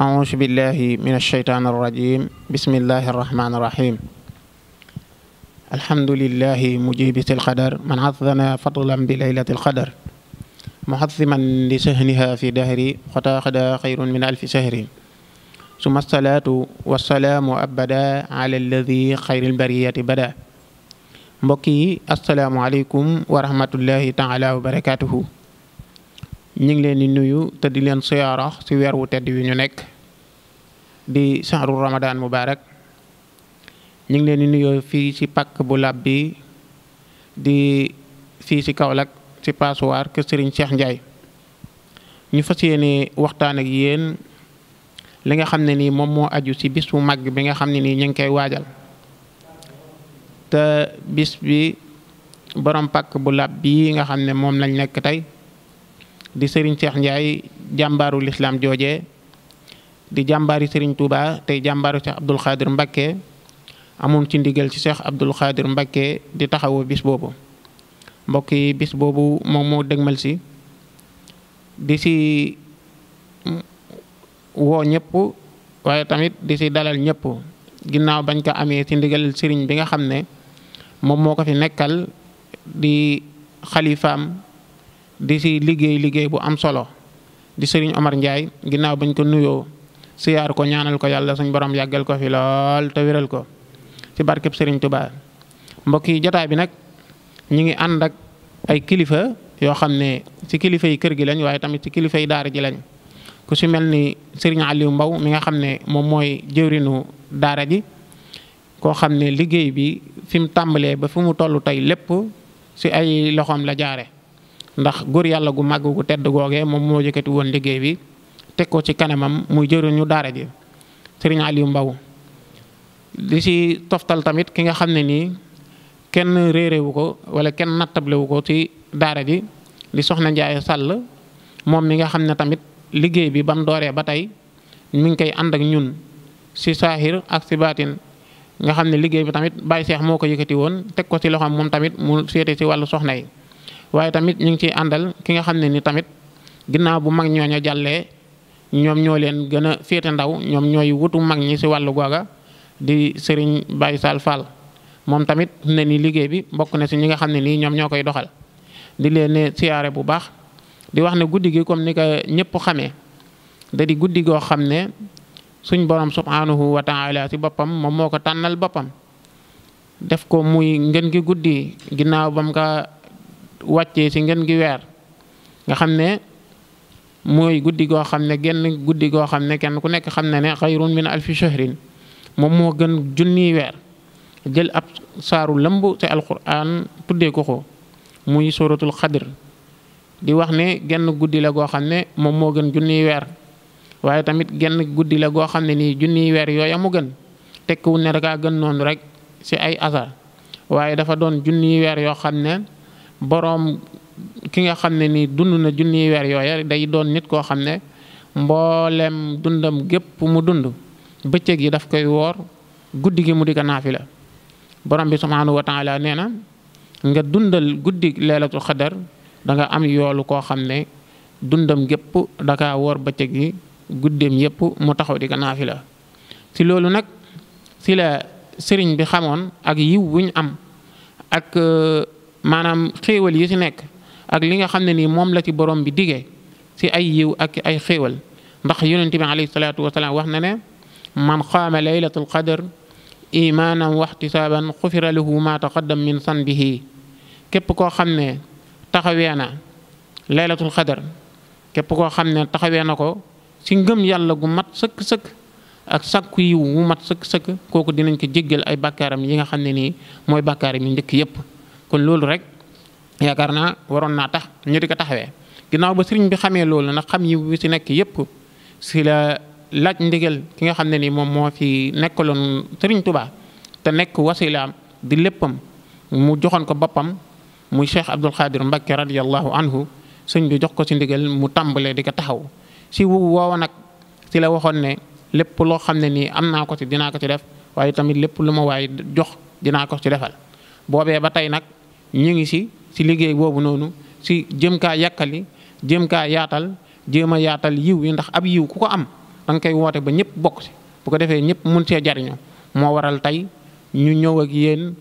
أعوذ بالله من الشيطان الرجيم بسم الله الرحمن الرحيم الحمد لله مجيب القدر من عظنا فضلا بليلة القدر محظما لسهنها في دهري خطاقدا خير من ألف سهر ثم الصلاة والسلام أبدا على الذي خير البرية بدا mbokk yi asalaamaaleykum wa rahmatullahi taala wa barakaatuhu ñu ngi leen di nuyu te di leen siyaara ci weer wu tedd wi ñu nekk di saaru Ramadan mubarak ñu ngi leen di nuyoo fii ci pakk bu lab bi di si ci Kaolack ci Passoir kër Serigne Cheikh Ndiaye ñu fas yéene waxtaan ak yéen li nga xam ne nii moom moo aju ci bis bu mag bi nga xam ne nii ñu ngi koy waajal te bis bi borom pàkk bu lab bii nga xam ne moom lañ nekk tey. di sëriñ Cheikh Ndiaye jàmbaaru lislaam jooje di jàmbaari sëriñ Touba tey jàmbaaru Cheikh Abdoul Khadir mbakke amoon ci ndigal ci Cheikh Abdoul Khadir Mbacké di taxawoo bis boobu mbokk yi bis boobu moom moo dëgmal si di si woo ñëpp waaye tamit di si dalal ñëpp ginnaaw bañ ko amee ci ndigal sëriñ bi nga xam ne moom moo ko fi nekkal di xalifaam di si liggéey liggéey bu am solo di sëriñ Omar Ndiaye ginnaaw bañ ko nuyoo siyaar ko ñaanal ko yàlla suñ borom yàggal ko fi lool te wéral ko ci barkeb sëriñ Touba mbokk yi jotaay bi nag ñu ngi ànd ak ay kilifa yoo xam ne ci kilifa yi kër gi lañ waaye tamit ci kilifa yi daara ji lañ ku si mel ni sëriñ Mbaw mi nga xam ne moom mooy jëwrinu daara ji koo xam ne liggéey bi fi mu tàmbalee ba fi mu toll tey lépp si ay loxoom la jaare ndax góor yàlla gu màgg gu tedd googee moom moo yëkkati woon liggéey bi teg ko ci kanamam muy jëriñu daara ji sëriñ yu Mbaw li ci toftal tamit ki nga xam ne nii kenn réerewu ko wala kenn nattablewu ko ci daara ji di soxna Njaay Sàll moom mi nga xam ne tamit liggéey bi ba dooree ba tey mi ngi koy ànd ak ñun ci saahir ak si baatin nga xam ne liggéey bi tamit Baye seex moo ko yëkkati woon teg ko ci loxoom moom tamit mu seete ci wàllu soxna yi waaye tamit ñu ngi ciy àndal ki nga xam ne ni tamit ginnaaw bu mag ñooña jàllee ñoom ñoo leen gën a féete ndaw ñoom ñooy wutu mag ñi si wàllu googa di Serigne Baye Sall moom tamit ne ni liggéey bi mbokk na si ñi nga xam ne nii ñoom ñoo koy doxal di leen ne siyaare bu baax di wax ne guddi gi comme ni ko ñëpp xamee da di guddi goo xam ne suñ borom subhanahu wa taala ci boppam moom moo ko tànnal boppam def ko muy ngën gi guddi ginnaaw bam ka wàccee ci ngeen gi weer nga xam ne mooy guddi goo xam ne genn guddi goo xam ne kenn ku nekk xam ne ne xayrun min alfi shahrin moom moo gën junniy weer jël ab saaru lëmb te alquran tuddee ko ko muy suratul xadr di wax ne genn guddi la goo xam ne moom moo gën junniy weer waaye tamit genn guddi la goo xam ne nii junni weer yooya mu gën tekkiwul ne rek a gën noonu rek ci ay asar waaye dafa doon junniy weer yoo xam ne boroom ki nga xam ne ni dund na junniy weer yooya day doon nit koo xam ne mboolem dundam gépp mu dund bëccëg yi daf koy woor guddi gi mu di ko naafila borom bi subhaanahu wa taala nee na nga dundal guddi leelatul xadar danga am yoolu koo xam ne dundam gépp daka woor bëccëg yi guddeem yépp mu taxaw di ko naafila si loolu nag si sëriñ bi xamoon ak yiw wuñ am ak euh, maanaam xéewal yi ci nekk ak li nga xam ne nii moom la ci borom bi digee ci ay yiw ak ay xéewal ndax yonent bi alayhi salaatu wasalaam wax na ne man qaama laylatul qadr imaanan wa ihtisaaban xufira lahu ma taqaddam min sanbihi képp koo xam ne taxawee na laylatul qadr képp koo xam ne taxawee na ko ci ngëm yàlla gu mat sëkk-sëkk ak sàkku yiw wu mat sëkk-sëkk kooku dinañ ko jéggal ay bakkaaram yi nga xam ne nii mooy bàkkaaram yi njëkk yépp kon loolu rek yaakaar naa waroon naa tax ñu di ko taxawee ginnaaw ba sëriñ bi xamee loolu nag xam yi bu ci nekk yépp si la laaj ndigal ki nga xam ne nii moom moo fi nekkaloon sëriñ tubaa te nekk wasilaam di léppam mu joxoon ko boppam muy Cheikh Abdul Xaadir Mbakke radiyallahu anhu sëñ bi jox ko ci ndigal mu tàmbalee di ko taxaw si wu woowa nag ci la waxoon ne lépp loo xam ne nii am naa ko ci dinaa ko ci def waaye tamit lépp lu ma waaye jox dinaa ko ci defal ñu ngi si si liggéey boobu noonu si jëm kaa yàkkali jëm kaa yaatal jéem a yaatal yiw yi ndax ab yiw ku ko am da nga woote ba ñëpp bokk si bu ko defee ñëpp mun see jariñoo moo waral tey ñu ñëw ak yéen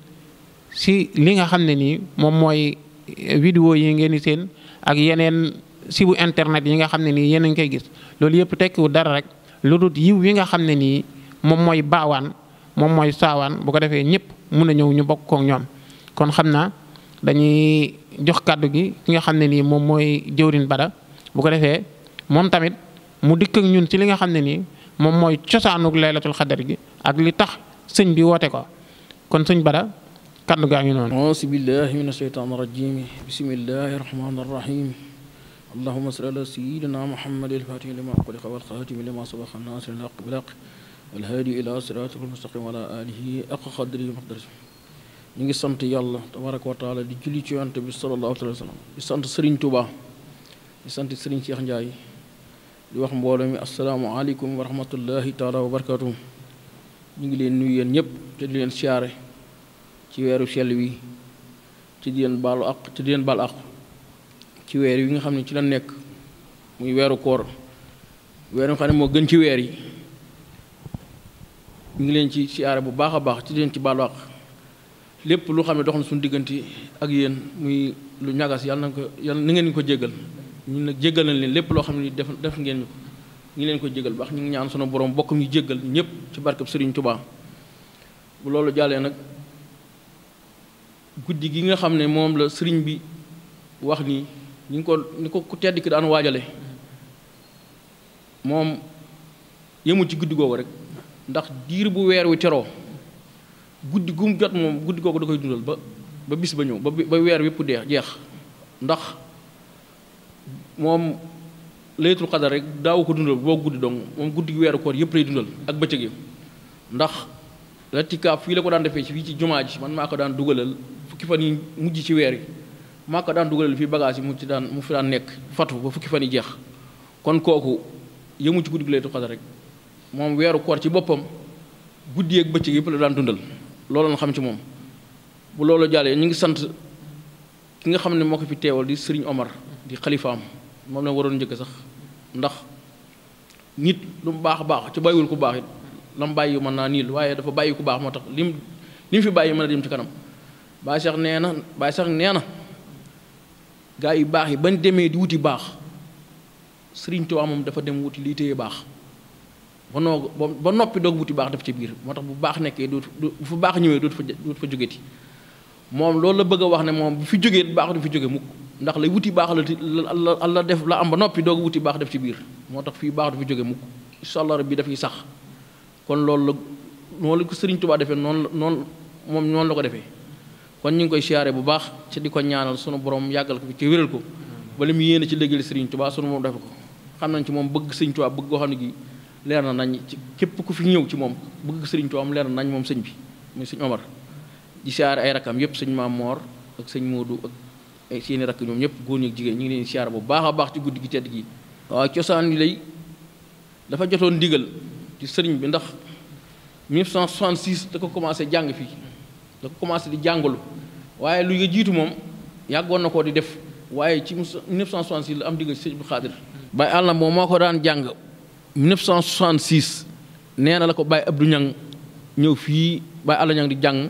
si li nga xam ne nii moom mooy eh, vidéo yi ngeen di seen ak yeneen sibu internet yi nga xam ne nii yéen a koy gis loolu yëpp tekkiwul dara rek lu dul yiw yi nga xam ne nii moom mooy baawaan moom mooy saawaan bu ko defee ñëpp mun a ñëw ñu bokk kook ñoom kon xam naa dañuy jox kàddu gi ki nga xam ne nii moom mooy jëwrin Bada bu ko defee moom tamit mu dikk ak ñun ci li nga xam ne nii moom mooy cosaanug laylatul xadar gi ak li tax sëñ bi woote ko kon sëñ Bada kàddu gaa ngi noonu auzu billahi min asheytaan rajim bismillahi rahmani rahim allahuma salli ala sayidina muhammad alfatih lima xuliqa walxaatimi lima ñu ngi sant yàlla tabaraka wa taala di julli ci yonte bi sallallahu alayhi wa sallam di sant sëriñ Touba di sant sëriñ Cheikh Ndiaye di wax mbooloo mi asalaamaaleykum wa rahmatullahi taala wa barakatuh ñu ngi leen nuyu yéen ñëpp te di leen siyaare ci weeru sel wi te di leen baalu àq te di leen baal àq ci weer yi nga xam ne ci la nekk muy weeru koor weer nga xam ne moo gën ci weer yi ñu ngi leen ci siyaare bu baax a baax te di leen ci baalu àq lépp lu xam ne doxoon suñu diggante ak yéen muy lu ñagas yàlla na ko yàlla na ngeen ko jéggal ñun nag jéggal nañ leen lépp loo xam ne def def ngeen ñu ko ñu leen ko jéggal baax ñu ngi ñaan sunu borom bokk ñu jéggal ñëpp ci barkab Serigne Touba bu loolu jàllee nag guddi gi nga xam ne moom la Serigne bi wax nii ñu ngi ko ni ko ku tedd ki daan waajale moom yëmu ci guddi googu rek ndax diir bu weer wi teroo. guddi gum jot moom guddi kooku da koy dundal ba ba bis ba ñëw ba ba weer wépp dee jeex ndax moom laytul xadar rek daaw ko dundal boo guddi dong moom guddi weeru koor yëpp lay dundal ak bëccëg ndax la tikaaf fii la ko daan defee fii ci jumaa ji man maa ko daan dugalal fukki fan yi mujj ci weer yi maa ko daan dugalal fii bagage yi mu ci daan mu fi daan nekk fatu ba fukki fan yi jeex kon kooku yëmu ci guddi laytul xadar rek moom weeru koor ci boppam guddi ak bëccëg yëpp la daan dundal loolu la xam ci moom bu loolu jàllee ñu ngi sant ki nga xam ne moo ko fi teewal di sëriñ Omar di xalifaam moom la waroon njëkk sax ndax nit lu mu baax a baax ci bàyyiwul ku baax it la mu bàyyi mën naa niil waaye dafa bàyyi ku baax moo tax lim lim fi bàyyi mën a dem ci kanam Baye Cheikh nee na Baye nee na gaa yu baax yi bañ demee di wuti baax Serigne Touba moom dafa dem wuti lii téye baax. ba noo ba noppi doog wuti baax def ci biir moo tax bu baax nekkee du bu fa baax ñëwee dootu fa dootu fa jógeti moom loolu la bëgg a wax ne moom bu fi jógee baax du fi jóge mukk ndax lay wuti baax la la def la am ba noppi doog wuti baax def ci biir moo tax fii baax du fi jóge mukk incha bi rabbi dafay sax kon loolu la noonu la ko Sëriñ Tuubaa defee noonu la noonu moom noonu la ko defee kon ñu ngi koy siyaare bu baax ci di ko ñaanal sunu borom yàggal ko fi ci wéral ko bala mu yéene ci léegi Sëriñ Tuubaa sunu moom defe ko xam nañ ci moom bëgg Sëriñ bëgg goo xam gi leer na nañ ci képp ku fi ñëw ci moom bëgg sëriñ Tuubaa am leer na nañ moom sëñ bi muy sëñ Omar di siyaare ay rakam yëpp sëñ Maam Moor ak sëñ Moodu ak seeni rakk ñoom ñëpp góor ñi jigéen ñu ngi leen bu baax baax ci guddi gi tedd gi waaw cosaan yi lay dafa jotoon ndigal ci sëriñ bi ndax 1966 da ko commencé jàng fii da ko commencé di jàngalu waaye lu nga jiitu moom yàggoon na koo di def waaye ci 1966 la am ndigal ci sëñ bi Xaadir bay àllam moom moo ko daan jàng 1966 nee na la ko Baye Abdou ñaŋ ñëw fii Baye Alla Niang di jàng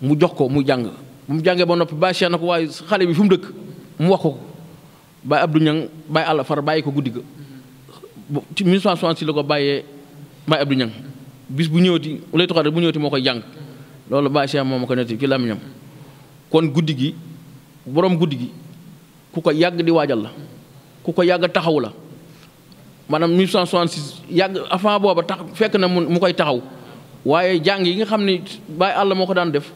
mu jox ko mu jàng mu jàngee ba noppi Baye Cheikh na ko waaye xale bi fu mu dëkk mu wax ko Baye Abdou Niang Baye Alla far bàyyi ko guddi ga ci 1966 la ko bàyyee Baye Abdou Niang bis bu ñëwati lay toxal bu ñëwati moo koy jàng loolu Baye Cheikh moom ma ko netti kon guddi gi borom guddi gi ku ko yàgg di waajal la ku ko yàgg taxaw la maanaam 1966 yàgg avant booba tax fekk na mu koy taxaw waaye jàng yi nga xam ne Baye Alla moo ko daan def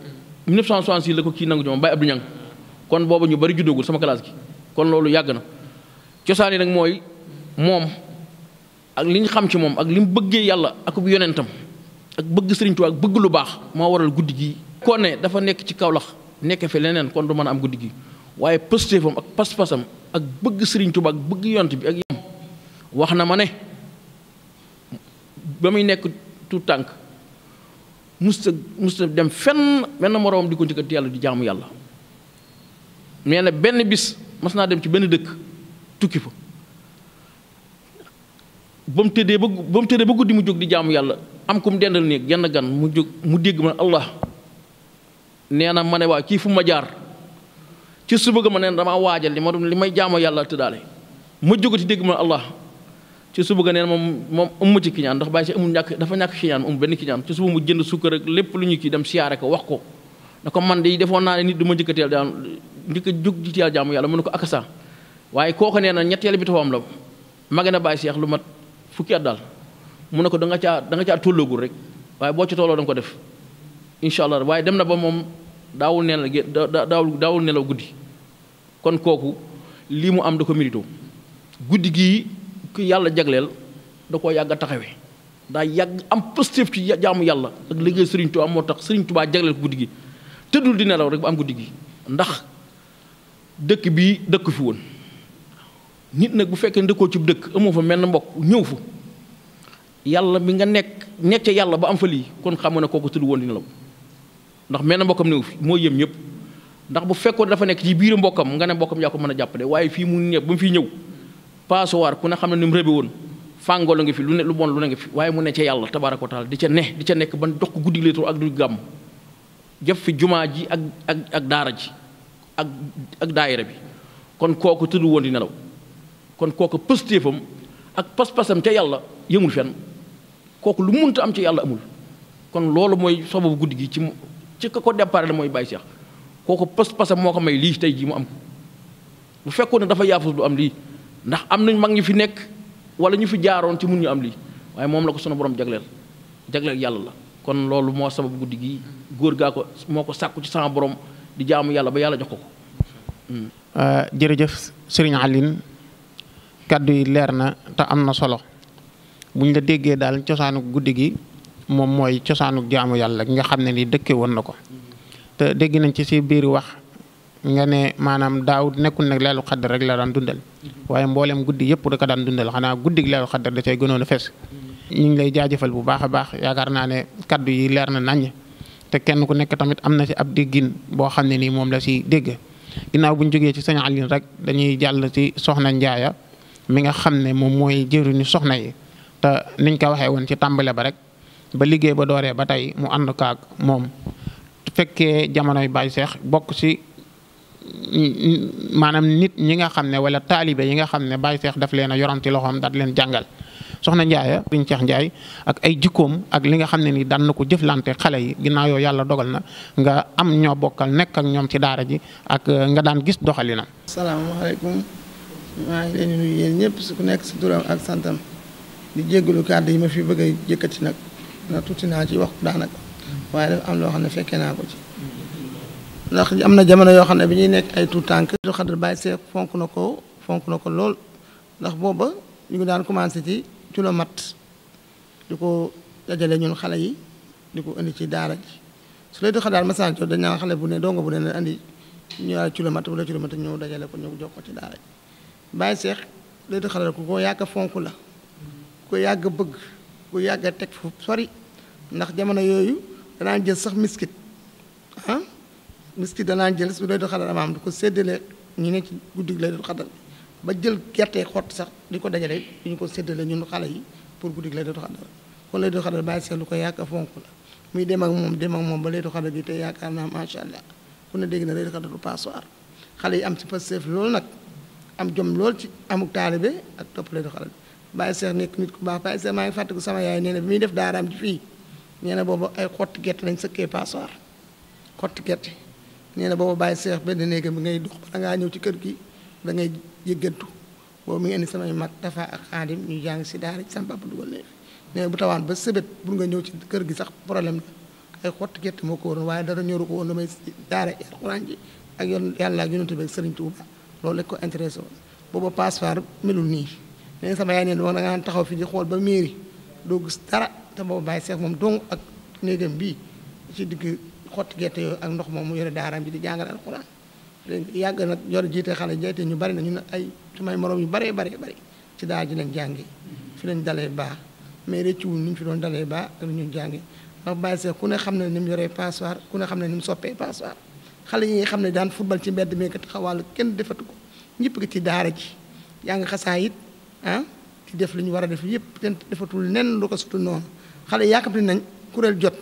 1966 la ko kii nangu ci moom Baye Abdou Niang kon booba ñu bari juddagul sama classe gi kon loolu yàgg na cosaan yi nag mooy moom ak li nga xam ci moom ak li mu bëggee yàlla ak bu yonentam ak bëgg Sëriñ Tuubaa ak bëgg lu baax moo waral guddi gi kon ne dafa nekk ci Kaolack nekk fi leneen kon du mën a am guddi gi waaye pëstéefam ak pas ak bëgg Sëriñ ak bëgg yont bi ak wax na ma ne ba muy nekk tout tànk musta musta dem fenn benn moroomam di ko njëkkati yàlla di jaamu yàlla nee na benn bis mas naa dem ci benn dëkk tukki fa ba mu tëddee ba ba mu tëddee guddi mu jóg di jaamu yàlla am ku mu dendal néeg genn gan mu jóg mu dégg ma allah nee na ma ne waa kii fu ma jaar ci suba ga ma neen damaa waajal li ma doon li may jaamu yàlla tëddaale ma jógati dégg ma allah ci suba ga neen moom moom amu ci kiñaan ndax bàyyi si amul ñàkk dafa ñàkk kiñaan amul benn kiñaan ci suba mu jënd sukkar lépp lu ñu kii dem siyaare ko wax ko na ko man de defoon naa ne nit du ma njëkk a teel a jóg di teel jaamu yàlla mu ne ko akasa waaye kooku nee na ñetteel bi taxawam la mage na bàyyi seex lu mat fukki at daal mu ne ko da nga caa da nga caa tolloogul rek waaye boo ci tolloo da ko def incha allah waaye dem na ba moom daawul nelaw daawul daawul nelaw guddi kon kooku lii mu am da ko ki yàlla jagleel da koo yàgg a taxawe daa yàgg am positif ci jaamu yàlla ak liggéey Serigne Touba moo tax Serigne Touba jagleel ko guddi gi tëddul di nelaw rek ba am guddi gi ndax dëkk bii dëkk fi woon nit nag bu fekkee dëkkoo ci dëkk amoo fa mel na mbokk ñëw fa yàlla mi nga nekk nekk ca yàlla ba am fa lii kon xam nga ne kooku tëdd woon di nelaw ndax mel na mbokkam néew fi moo yëm ñëpp ndax bu fekkoon dafa nekk ci biir mbokkam nga ne mbokkam yaa ko mën waaye fii mu ne ba mu passoir ku ne xam ne ni mu rëbbi woon fàngoo la nga fi lu ne lu bon lu ne nga fi waaye mu ne ca yàlla tabaaraka wa taala di ca ne di ca nekk ban dox ko guddi leetoo ak du fi jumaa ji ak ak ak daara ji ak ak daayira bi kon kooku tëdd woon di nelaw kon kooku pëstéefam ak pas-pasam ca yàlla yëmul fenn kooku lu munta am ci yàlla amul kon loolu mooy sababu guddi gi ci ci ka ko déparé la mooy bàyyi seex kooku pas-pasam moo ko may lii tey jii mu am ko bu fekkoon ne dafa yaafus du am lii ndax am nañ mag ñi fi nekk wala ñu fi jaaroon ci mun ñu am lii waaye moom la ko sunu boroom jagleel jagleel yàlla la kon loolu moo sabab guddi gi góor gaa ko moo ko sàkku ci sama borom di jaamu yàlla ba yàlla jox ko ko. Hmm. Euh, jërëjëf Serigne Aline kàddu yi leer na te am na solo buñ la déggee daal cosaanu guddi gi moom mooy cosaanu jaamu yàlla gi nga xam ne nii dëkkee woon na ko te dégg nañ ci si biir wax. nga ne maanaam daawud nekkul nag leelu xaddar rek la daan dundal waaye mbooleem guddi yëpp da ko daan dundal xanaa guddi leelu xaddar da cay gënoon a fes ñu ngi lay jaajëfal bu baax a baax yaakaar naa ne kaddu yi leer na naññ te kenn ku nekk tamit am na ci ab déggin boo xam ne nii moom la si dégg ginnaaw bu ñu jógee ci sëñ Alioune rek dañuy jàll ci soxna Njaaya mi nga xam ne moom mooy jëruñu soxna yi te niñ ko waxee woon ci tàmbale ba rek ba liggéey ba dooree ba tey mu ànd kaag moom fekkee jamonoy Baye Cheikh bokk ci maanaam nit ñi nga xam ne wala taalibe yi nga xam ne Baye Cheikh daf leen a yoranti loxoom daal leen jàngal soxna Ndiaye Serigne Cheikh Ndiaye ak ay jikkoom ak li nga xam ne nii daan na ko jëflante xale yi ginnaaw yoo yàlla dogal na nga am ñoo bokkal nekk ak ñoom ci daara ji ak eh, nga daan gis doxalinam. salaamaaleykum maa ngi leen di nuyu yéen ñëpp ku nekk si turam ak santam di jéggalu kàddu yi ma fi bëgg a yëkkati nag na tuuti naa ci wax daanaka waaye dafa am ndax am na jamono yoo xam ne bi ñuy nekk ay tout tànk du xadar bàyyi seex fonk na ko fonk na ko lool ndax booba ñu ngi daan commencé ci ci la mat ko dajale ñun xale yi di ko indi ci daara ji su lay doxee daal message jot dañu naan xale bu ne dongo bu ne ne andi ñu waay ci la mat wala ñëw dajale ko ñëw jox ko ci daara ji bàyyi seex lay doxal ku ko yàgg fonk la ku yàgg bëgg ku yàgg teg fu sori ndax jamono yooyu danaa jël sax miskit ah, miski danaa jël su laylatul xadar amaam du ko séddale ñu ne ci guddi laylatul xadar ba jël gerte xott sax di ko dajale di ñu ko séddale ñun xale yi pour guddi laylatul xadar kon laylatul xadar bàyyi seetlu ko yaaka fonk la muy dem ak moom dem ak moom ba laylatul xadar bi te yaakaar naa macha allah ku ne dégg na laylatul xadar du passoir xale yi am ci Pastef loolu nag am jom loolu ci amuk taalibe ak topp laylatul xadar Baye Cheikh nekk nit ku baax Baye Cheikh maa ngi fàttaliku sama yaay nee bi muy def daaraam ji fii nee boobu ay xotti gerte lañ sëkkee passoir xotti gerte nee na booba bàyyi seex benn néegam bi ngay dox bala ngaa ñëw ci kër gi da ngay yëggantu boobu mi ngi indi samay mag dafa ak xaadim ñu jàng si daara ci sama papa dugal ne bu tawaan ba sëbét bul nga ñëw ci kër gi sax problème ay xott gerte moo ko waroon waaye dara ñoru ko woon damay daara ak yoon yàlla ak yonent bi ak sëriñ Tuuba loolu la ko intéressé woon booba passeport melul nii nee sama yaay neen da nga naan taxaw fi ba mairie doo gis dara te booba bàyyi seex moom dong ak néegam bi ci digg xotti gerte yooyu ak ndox moom mu yore daaram ji di jàngal alxuraan yàgg nag yor jiite xale jiite ñu bari na ñu ne ay samay moroom yu baree baree bari ci daara ji lañ jàngi fi lañ dalee baax mais rëccuwul ni ñu fi doon dalee baax ak ñu jàngi ndax Baye Seck ku ne xam ne ni mu yoree passoire ku ne xam ne ni mu soppee passoire xale yi nga xam ne daan ci mbedd mi kat xawal kenn defatu ko ñëpp ko ci daara ji ngi xasaa it ah ci def li ñu war a def yëpp kenn defatul nen lu ko sutu noonu xale yàkkamti nañ kuréel jot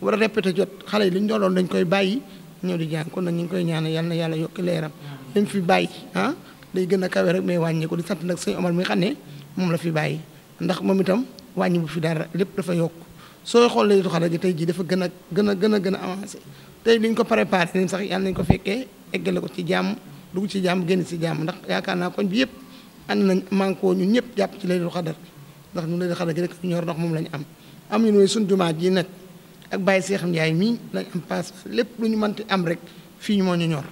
war a répété jot xale yi li ñu doonoon dañ koy bàyyi ñëw di jàng kon nag ñu ngi koy ñaanal yal na yàlla yokki leeram dañ fi bàyyi ah, day gën a kawe rek mais wàññi ko di sant nag suñu Omar mi xam ne moom la fi bàyyi ndax moom itam wàññi bu fi dara lépp dafa yokk sooy xool Laylatul Qadr tey jii dafa gën a gën a gën a gën a avancé tey liñ ko préparé nañ sax yàlla nañ ko fekkee eggale ko ci jàmm dugg ci jàmm génn ci jàmm ndax yaakaar naa koñ bi yëpp ànd nañ mànkoo ñun ñëpp jàpp ci Laylatul Qadr ndax ñun Laylatul Qadr gi ñor ndax moom la ñu am am ñu mooy suñ jumaa ji nag ak Baye Cheikh Ndiaye mii lañ am paas lépp lu ñu mënti am rek fii ñu moo ñu ñor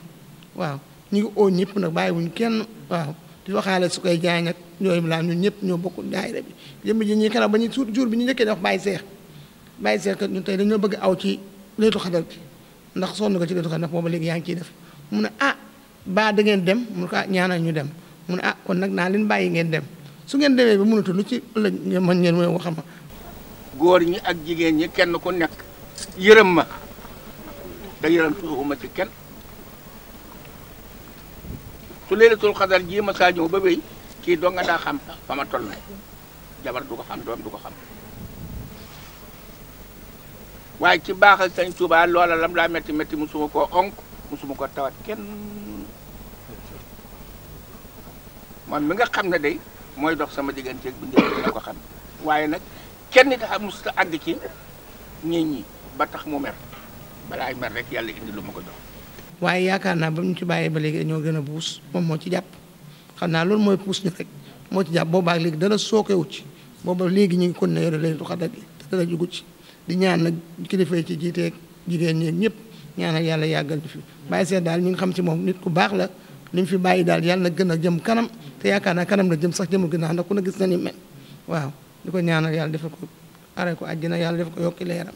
waaw ñu ngi oo ñëpp nag bàyyi wuñ kenn waaw di waxaale su koy jaay nag yooyu laa ñëpp ñoo bokk daayira bi jëmb ji ñuy kanam ba ñu suur jour bi ñu njëkkee di wax Baye Cheikh Baye Cheikh kat ñun tey dañoo bëgg aw ci leetu xadar bi ndax sonn ko ci leetu xadar ndax booba léegi yaa ngi ciy def mu ne ah baa da ngeen dem mu ne ko ah ñaanal ñu dem mu ne ah kon nag naa leen bàyyi ngeen dem su ngeen demee ba mënatu lu ci ëllëg man ngeen mooy waxama góor ñi ak jigéen ñi kenn ku nekk yërëm ma da yërëm tuuxuma ci kenn su leelatul xadar jii ma saa ñëw ba béy kii doo nga daa xam fa ma toll na jabar du ko xam doom du ko xam waaye ci baaxal sañ Tuubaa loola lam daa metti metti musuma koo onk musuma ko tawat kenn moom mi nga xam ne day mooy dox sama digganteeg bu njëkk ko xam waaye nag kenn dafa mosut a àgg ci ñii ñi ba tax mu mer balaay mer rek yàlla indi lu ma ko jox. waaye yaakaar naa ba mu ci bàyyee ba léegi dañoo gën a buus moom moo ci jàpp xam naa loolu mooy puus ñu rek moo ci jàpp boobaak léegi dara sookewu ci booba léegi ñu ngi kon na yore leen du xadar gi te dara jugu ci di ñaan nag kilifa yi ci jiiteek jigéen ñeeg ñëpp ñaanal yàlla yàggal ñu fi bàyyi seet daal ñu ngi xam ci moom nit ku baax la li mu fi bàyyi daal yàlla na gën a jëm kanam te yaakaar naa kanam la jëm sax jëmul ginnaaw ndax ku ne gis na ni di ko ñaanal yàlla defal ko are ko àjjana yàlla def ko yokki leeram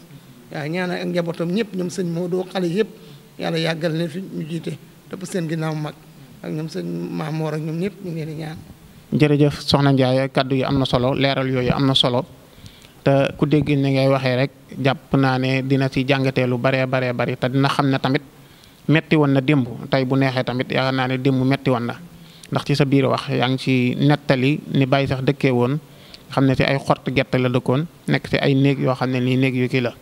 waaye ñaanal ak njabootam ñëpp ñoom sëñ Modou xale yëpp yàlla yàggal leen fi ñu jiite topp seen ginnaaw mag ak ñoom sëñ Maamoor ak ñoom ñëpp ñu ngi leen di ñaan. jërëjëf soxna Ndiaye kàddu yi am na solo leeral yooyu am na solo te ku dégg ni ngay waxee rek jàpp naa ne dina ci jàngatee lu baree baree bari te dina xam ne tamit metti woon na démb tey bu neexee tamit yaakaar naa ne démb metti woon na ndax ci sa biir wax yaa ngi ci nettali ni bàyyi sax dëkkee woon. xam ne ci ay xott gerte la dëkkoon nekk ci ay néeg yoo xam ne nii néeg yu kii la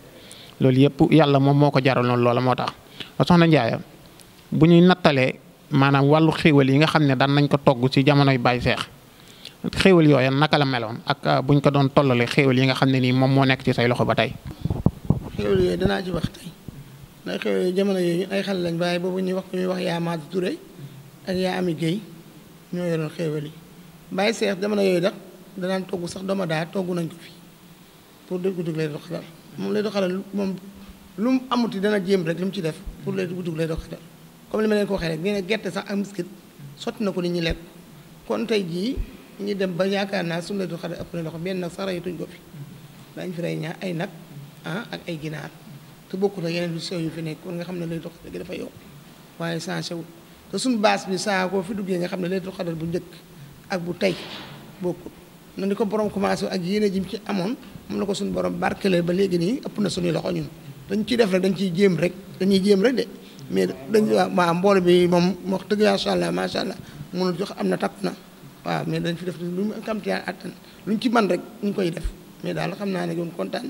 loolu yëpp yàlla moom moo ko jaraloon loola moo tax ba soxna Njaay bu ñuy nattalee maanaam wàllu xéewal yi nga xam ne daan nañ ko togg ci jamonoy Baye Cheikh xéewal yooya naka la meloon ak ah, buñ ko doon tollalee xéewal yi nga xam ne nii moom moo nekk ci say loxo ba tey. xéewal yooyu danaa ci wax tey ndax xéewal yooyu jamono yooyu ay xale lañ waaye boobu ñuy wax ñuy wax yaa Maadu Touré ak yaa Ami Guèye ñoo yoroon xéewal yi Baye Cheikh jamono yooyu nag danaan togg sax domadaa togg nañ ko fi pour léegi guddi lay dox xadar moom lay dox xadar moom lu mu amuti dana jéem rek lu mu ci def pour léegi guddi lay dox xadar comme li ma leen ko waxee rek nee gerte sax ak mbiskit na ko nit ñi lekk kon tey jii ñu dem ba yaakaar naa suñu lay dox ëpp na loxo benn nag sax rayatuñ ko fi daañu fi ay nag ah ak ay ginaar te bokkul ak yeneen lu sew yu fi nekk kon nga xam ne lay dox xadar dafa yokk waaye changé wul te suñu baas bi saakoo koo fi duggee nga xam ne lay doo xadal bu njëkk ak bu tey bokkul noonu ni ko borom commencé ak yéene ji mu ci amoon moom la ko suñu borom barkelee ba léegi nii ëpp na suñuy loxo ñun dañ ciy def rek dañu ciy jéem rek dañuy jéem rek de mais dañ waaw mboolo bi moom wax dëgg macha allah macha allah mënul jox am na takk na waaw mais dañ fi def lu kamtiyaa attan luñ ci man rek ñu koy def mais daal xam naa ne ñun kontaan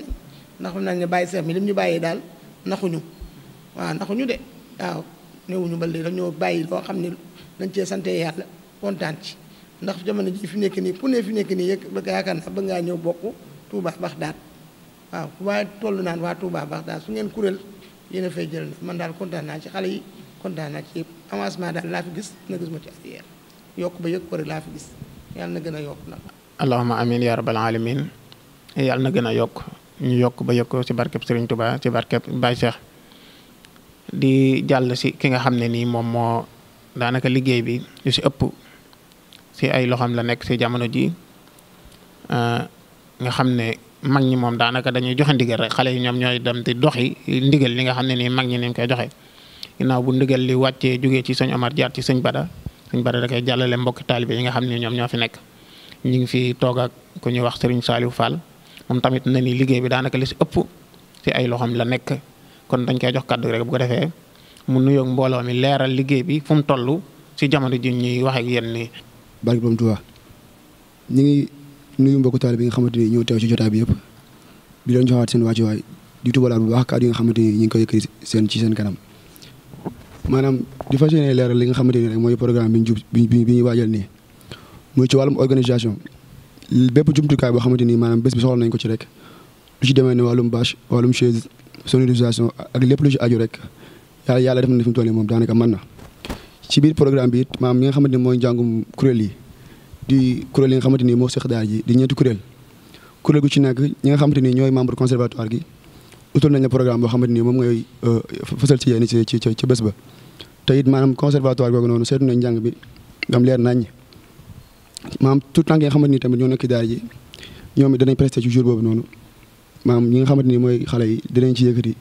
nañ ndax xam naa ne bàyyi seex mi lim ñu bàyyee daal ndaxuñu waaw naxuñu de waaw newuñu ba léegi dañoo bàyyi loo xam ne dañ cee sante yàlla kontaan ci ndax jamono ji fi nekk nii ku ne fi nekk nii yëg bëgg yaakaar naa bëgg ngaa ñëw bokk Touba Baxdaad waaw waa toll naan waa Touba Baxdaad su ngeen kuréel yéen a fay jël man daal kontaan naa ci xale yi kontaan naa ci avancement daal laa fi gis na gis ma ci arrière yokk ba yëg ko laa fi gis yàlla na gën a yokk nag. allahumma amiin yaa rabbal aalamiin yàlla na gën a yokk ñu yokk ba yokk ci barkeb Serigne Touba ci barkeb Baye Cheikh di jàll si ki nga xam ne nii moom moo daanaka liggéey bi ñu si ëpp. si ay loxoom la nekk si jamono ji euh, nga xam ne mag ñi moom daanaka dañuy joxe ndigal rek xale yi ñoom ñooy dem di doxi ndigal li nga xam ne nii mag ñi ni koy joxe ginnaaw bu ndigal li wàccee jógee ci sëñ Omar ci sëñ Bada sëñ Bada da koy jàllale mbokki taalibe yi nga xam ne ñoom ñoo fi nekk ñu ngi fi toog ak ku ñuy wax Serigne Saliou Fall moom tamit na ni liggéey bi daanaka li si ëpp si ay loxoom la nekk kon dañ koy jox kàddu rek bu ko defee mu nuyoog mbooloo mi leeral liggéey bi fu mu toll si jamono ji ñuy wax ak nii barke Borom Tuubaa ñu ngi nuyu mbokku taal bi nga xamante ni ñoo teew ci jotaa bi yëpp di leen joxaat seen wàccuwaay di tubalaat bu baax kàddu yi nga xamante ni ñu ngi koy yëkkati seen ci seen kanam maanaam di fas yéene leeral li nga xamante ni rek mooy programme bi ñu jub bi bi ñuy waajal nii muy ci wàllum organisation bépp jumtukaay boo xamante ni maanaam bés bi soxla nañ ko ci rek lu ci demee ne wàllum bâche wàllum chaise sonorisation ak lépp lu ci aju rek yaa yàlla def na fi mu moom daanaka mën na ci biir programme bi it maam mi nga xamante ni mooy njàngum kuréel yi di kuréel yi nga xamante ni moo seq daara ji di ñeenti kuréel kuréel gu ci nekk ñi nga xamante ni ñooy membre conservatoire gi utal nañ la boo xamante ni moom ngay euh, fësal ci yéen ci ci ci ba te it maanaam conservatoire googu noonu seetu nañ njàng bi dam leer naññ maam tout temps yi nga xamante ni tamit ñoo nekk daara ji ñoom it danañ presté ci jour boobu noonu maam ñi nga xamante ni mooy xale yi dinañ ci yëkkati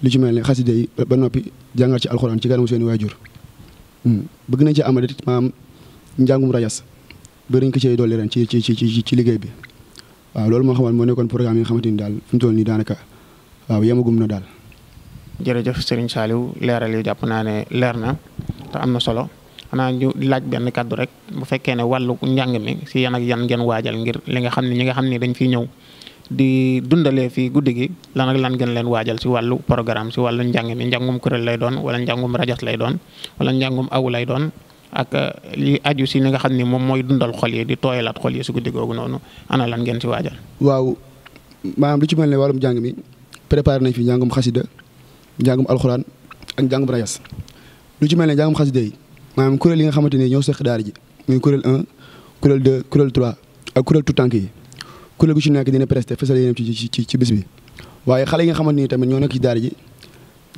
lu ci mel ne xaside yi ba noppi jàngal ci alxuraan ci kanamu seeni waajur Hmm. bëgg nañ ci amale maanaam njàngum rajas bëgg nañ ko cee dolli ren ci ci ci ci liggéey bi waaw loolu moo xamal moo nekkoon programme yi nga xamante ni daal fi mu toll nii daanaka waaw yemagum na daal. jërëjëf Serigne Saliou leeral yi jàpp naa ne leer na te am na solo xanaa ñu laaj benn kaddu rek bu fekkee ne wàllu njàng mi si yan ak yan ngeen waajal ngir li nga xam ne ñi nga xam ne dañ fiy ñëw. di dundalee fii guddi gi lan ak lan gën leen waajal si wàllu programme si wàllu njàng mi njàngum kuréel lay doon wala njàngum rajas lay doon wala njàngum awu lay doon ak euh, li aju si ni nga xam ni moom mooy dundal xol yi di tooyalaat xol yi si guddi googu noonu ana lan geen si waajal. waaw maanaam lu ci mel ne wàllum njàng mi préparé nañ fi njàngum xasida njàngum alxuraan ak njàngum rajas lu ci mel ne njàngum xasida yi maanaam kuréel yi nga xamante ne ñoo seq daara ji muy kuréel 1 kuréel 2 kuréel 3 ak kuréel tout tànk yi kuréel ku ci nekk dina presté fësal yéen ci ci ci bis bi waaye xale yi nga xamante ni tamit ñoo nekk ci daara ji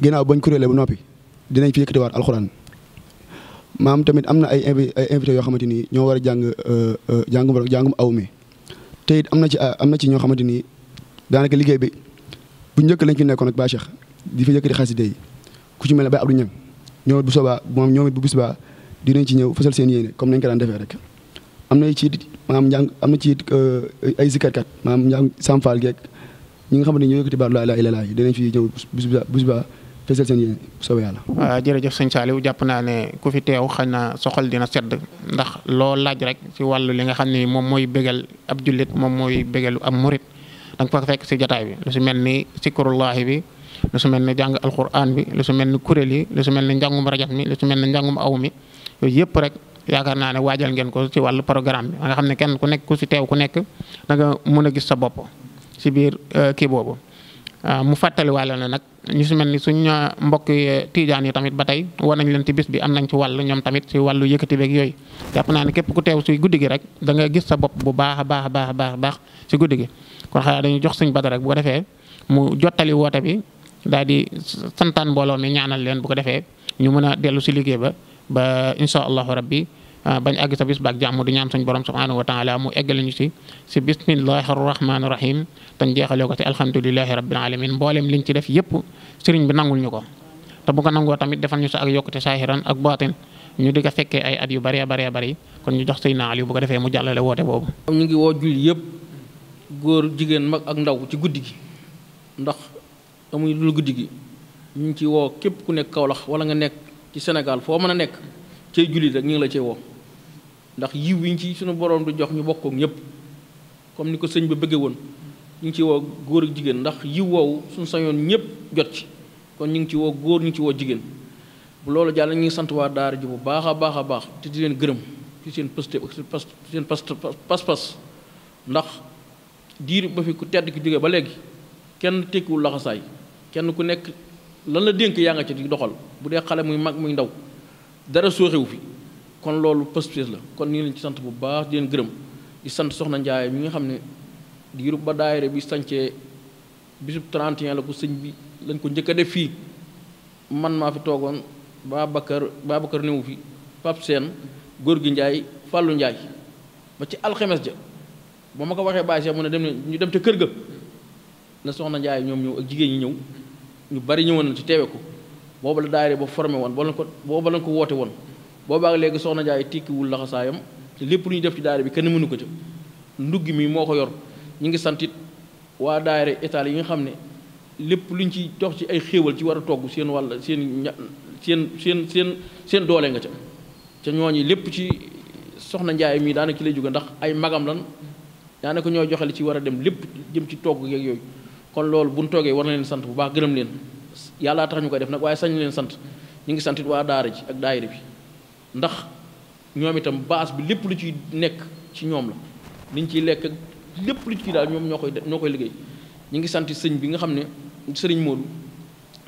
ginnaaw bañ kuréele bu noppi dinañ fi yëkkatiwaat alxuraan maam tamit am na ay ay invité yoo xamante ni ñoo war a jàng euh, euh, jàngum jàngum aw mi te it am na ci euh, am na ci ñoo xamante ni daanaka liggéey bi bu njëkk lañ fi nekkoon nag ba Cheikh di fi yëkkati xasida yi ku ci mel ne Baye Abdou Niang ñoom bu soobaa moom ñoom it bu bis baa dinañ ci ñëw fësal seen yéene comme nañ ko daan defee rek am na ci maanaam njàng am na ci it euh, ay zikarkat maanaam njàng samfal geeg ñi nga xam ne ñoo yëkkati baat laa ilaaha illallaah yi dinañ fi ñëw bis bis ba fesal seen yéen soobee yàlla. waaw ah, jërëjëf sëñ Saliou jàpp na soxal dina sedd ndax loo laaj rek ci wàllu li nga xam ne moom mooy bégal ab jullit moom mooy bégalu ab murit danga fa fekk si jataay bi lu si mel ni sikrullaahi bi. lu su mel ne jàng alquran bi lu su mel ni kuréel yi lu su mel ne njàngum rajat mi lu su mel ne njàngum aw mi yooyu yëpp rek yaakaar naa ne waajal ngeen ko ci wàllu programme bi nga xam ne kenn ku nekk ku si ku nekk danga nga mën a gis sa bopp si biir euh, kii boobu. Euh, mu fàttali waale na nag ñu si mel ni suñ euh, mbokk tiijaan yi tamit ba tey war nañ leen ci bis bi am nañ ci wàll ñoom tamit si wàllu yëkkati beeg yooyu jàpp naa ne képp ku teew si guddi gi rek da nga gis sa bopp bu baax a baax a baax a baax si guddi gi kon xanaa dañuy jox suñ bada rek bu ko defee mu jottali woote bi daal di santaan mbooloo mi ñaanal leen bu ko defee ñu mën a dellu si liggéey ba ba incha allahu rabbi ah, bañ àgg sa bis baak jàmm di ñaan suñ borom subhanahu wa taala mu eggale ñu si si bismillahi arrahmani rahim dañ jeexalee ko si alhamdulilahi rabbil alamin mbooleem liñ ci def yëpp sëriñ bi nangul ñu ko te bu nangoo tamit defal ñu sa ak yokkute saahiran ak baatin ñu di ko fekkee ay at yu bëree bëree bëri kon ñu jox Seydina Aliou bu ko defee mu jàllale woote boobu. ñu ngi woo julli yëpp góor jigéen mag ak ndaw ci guddi gi ndax amuñu dul guddi gi ci woo képp ku nekk Kaolack ci Sénégal foo mën a nekk cee jullit rek ñu ngi la cee woo ndax yiw yi ñu ci suñu borom du jox ñu bokk ak ñëpp comme ni ko sëñ ba bëggee woon ñu ngi ci woo góor ak jigéen ndax yiw woowu suñu sañoon ñëpp jot ci kon ñu ngi ci woo góor ñu ngi ci woo jigéen bu loolu jàll ñu ngi sant waa daara ji bu baax a baax a baax te di leen gërëm ci seen pëste seen pas-pas ndax diir ba fi ku tedd ki jógee ba léegi kenn tekkiwul laxasaay kenn ku nekk lan la dénk yaa nga ci di doxal bu dee xale muy mag muy ndaw dara sooxewu fi kon loolu Pastef la kon ni leen ci sant bu baax di leen gërëm di sant soxna Ndiaye mi nga xam ne diirub ba daayira bi sancee bisub 31 la ko sëñ bi lañ ko njëkk a def fii man maa fi toogoon Babacar Babacar néewu fi Pape Sène góor gi Ndiaye Fallou Ndiaye ba ci alxemes ja ma ko waxee bàyyi see mu ne ñu dem te kër ga la soxna Ndiaye ñoom ñëw ak jigéen ñi ñëw ñu bari ñëwoon ci teewe ko booba la daayira ba formé woon booba lañ ko booba lañ ko woote woon boobaak léegi soxna Njaay tekkiwul laxasaayam te lépp lu ñu def ci daayira bi kenn mënu ko ca ndugg mi moo ko yor ñu ngi santit waa daayira Italie yi nga xam ne lépp lu ñu ci jox ci ay xéewal ci war a togg seen wàll seen ña seen seen seen seen doole nga ca ca ñooñu lépp ci soxna Njaay mii daanaka ki lay jóge ndax ay magam lan daanaka ñoo joxe li ci war a dem lépp jëm ci togg yeeg yooyu kon loolu bu ñu toogee war na leen sant bu baax gërëm leen yàllaa tax ñu koy def nag waaye sañ leen sant ñu ngi sant waa daara ji ak daayira bi ndax ñoom itam base bi lépp lu ciy nekk ci ñoom la liñ ciy lekk lépp lu ci daal ñoom ñoo koy ñoo koy liggéey ñu ngi sant sëñ bi nga xam ne sëriñ Modou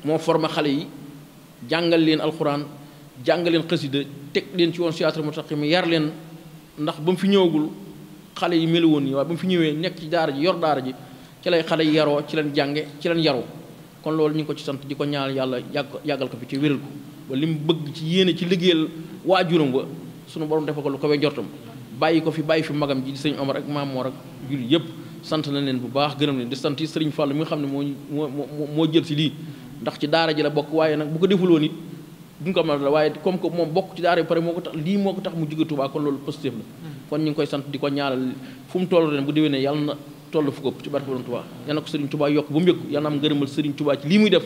moo formé xale yi jàngal leen alxuraan jàngal leen xasida teg leen ci woon siyaatal mustaqim yar leen ndax ba mu fi ñëwagul xale yi melu woon nii waaye ba mu fi ñëwee nekk ci daara ji yor daara ji ci lay xale yaroo ci leen jànge ci leen yaru kon loolu ñu ngi ko ci sant di ko ñaanal yàlla yàgg yàggal ko fi ci wéral ko ba li mu bëgg ci yéene ci liggéeyal waajuram wa sunu borom defal ko lu ko wee ji di sëñ Omar ak maam na leen bu baax gërëm leen di sant yi sëriñ mi nga ne moo moo moo jël si lii ndax ci daara ji la bokk waaye nag bu ko ko amal la waaye comme que bokk ci daara bi pare moo ko tax lii moo hmm. yàlla toll fu ko ci barke borom Touba yal na ko Serigne yokk ba mu yëg yal na am ngërëmal Serigne Touba ci lii muy def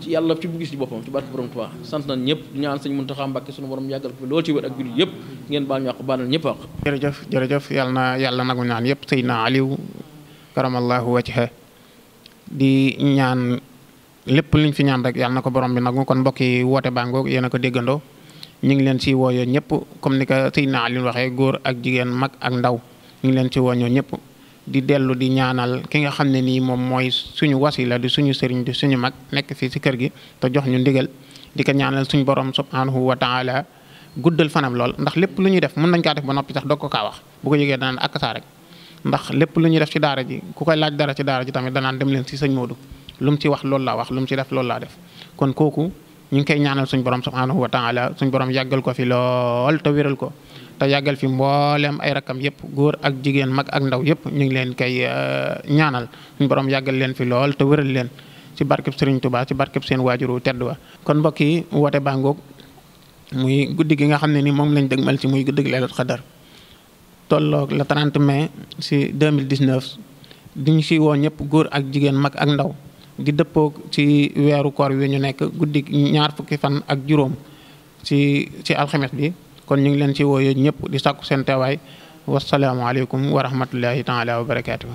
ci yàlla ci bu gis ci boppam ci barke borom Touba sant nañ ñëpp ñaan sëñ Mountakha Mbacké sunu borom yàggal ko fi loolu ci wér ak jullit yëpp ngeen baal ñu àq baal ñëpp àq na yàlla nagu ñaan yëpp Seydina Aliou karamallahu wajha di ñaan lépp liñ fi ñaan rek yàlla na ko borom bi nag nagu kon mbokk yi woote bàngoog yéen a ko déggandoo ñu ngi leen ci wooyoo ñëpp comme ni ko Seydina Aliou waxee góor ak jigéen mag ak ndaw ñu ngi leen ci wooñoo ñëpp di dellu di ñaanal ki nga xam ne nii moom mooy suñu wasila di suñu sëriñ di suñu mag nekk fii ci kër gi te jox ñu ndigal di ko ñaanal suñu borom subhanahu wa taala guddal fanam lool ndax lépp lu ñuy def mën nañ kaa def ba noppi sax doog ko kaa wax bu ko jógee danaan ak saa rek ndax lépp lu ñuy def ci ku koy laaj dara ci daara ji tamit danaan dem leen ci sëñ Modou lu mu wax loolu laa wax lu mu ci def loolu laa def kon kooku ñu ngi koy ñaanal suñu borom subhanahu wa taala suñu borom yàggal ko fi lool te wéral ko te yàggal fi mboolem ay rakkam yëpp góor ak jigéen mag ak ndaw yëpp ñu ngi leen koy euh, ñaanal ñu borom yàggal leen fi lool te wëral leen ci barkeb Serigne tubaa ci barkeb seen waajuru tedd wa kon mbokk yi woote baa muy guddi gi nga xam ne ni moom lañ dëgmal ci muy guddi gi Laylatul Qadr tolloog la 30 mai ci 2019 diñ ci woo ñëpp góor ak jigéen mag ak ndaw di dëppoog ci weeru koor wi ñu nekk guddi ñaar fukki fan ak juróom ci ci alxames bi kon ñu ngi leen ci woo yooyu ñëpp di sàkku seen teewaay wasalaamualeykum wa rahmatullahi taala wa barakaatu.